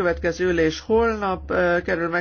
következő ülés holnap kerül meg.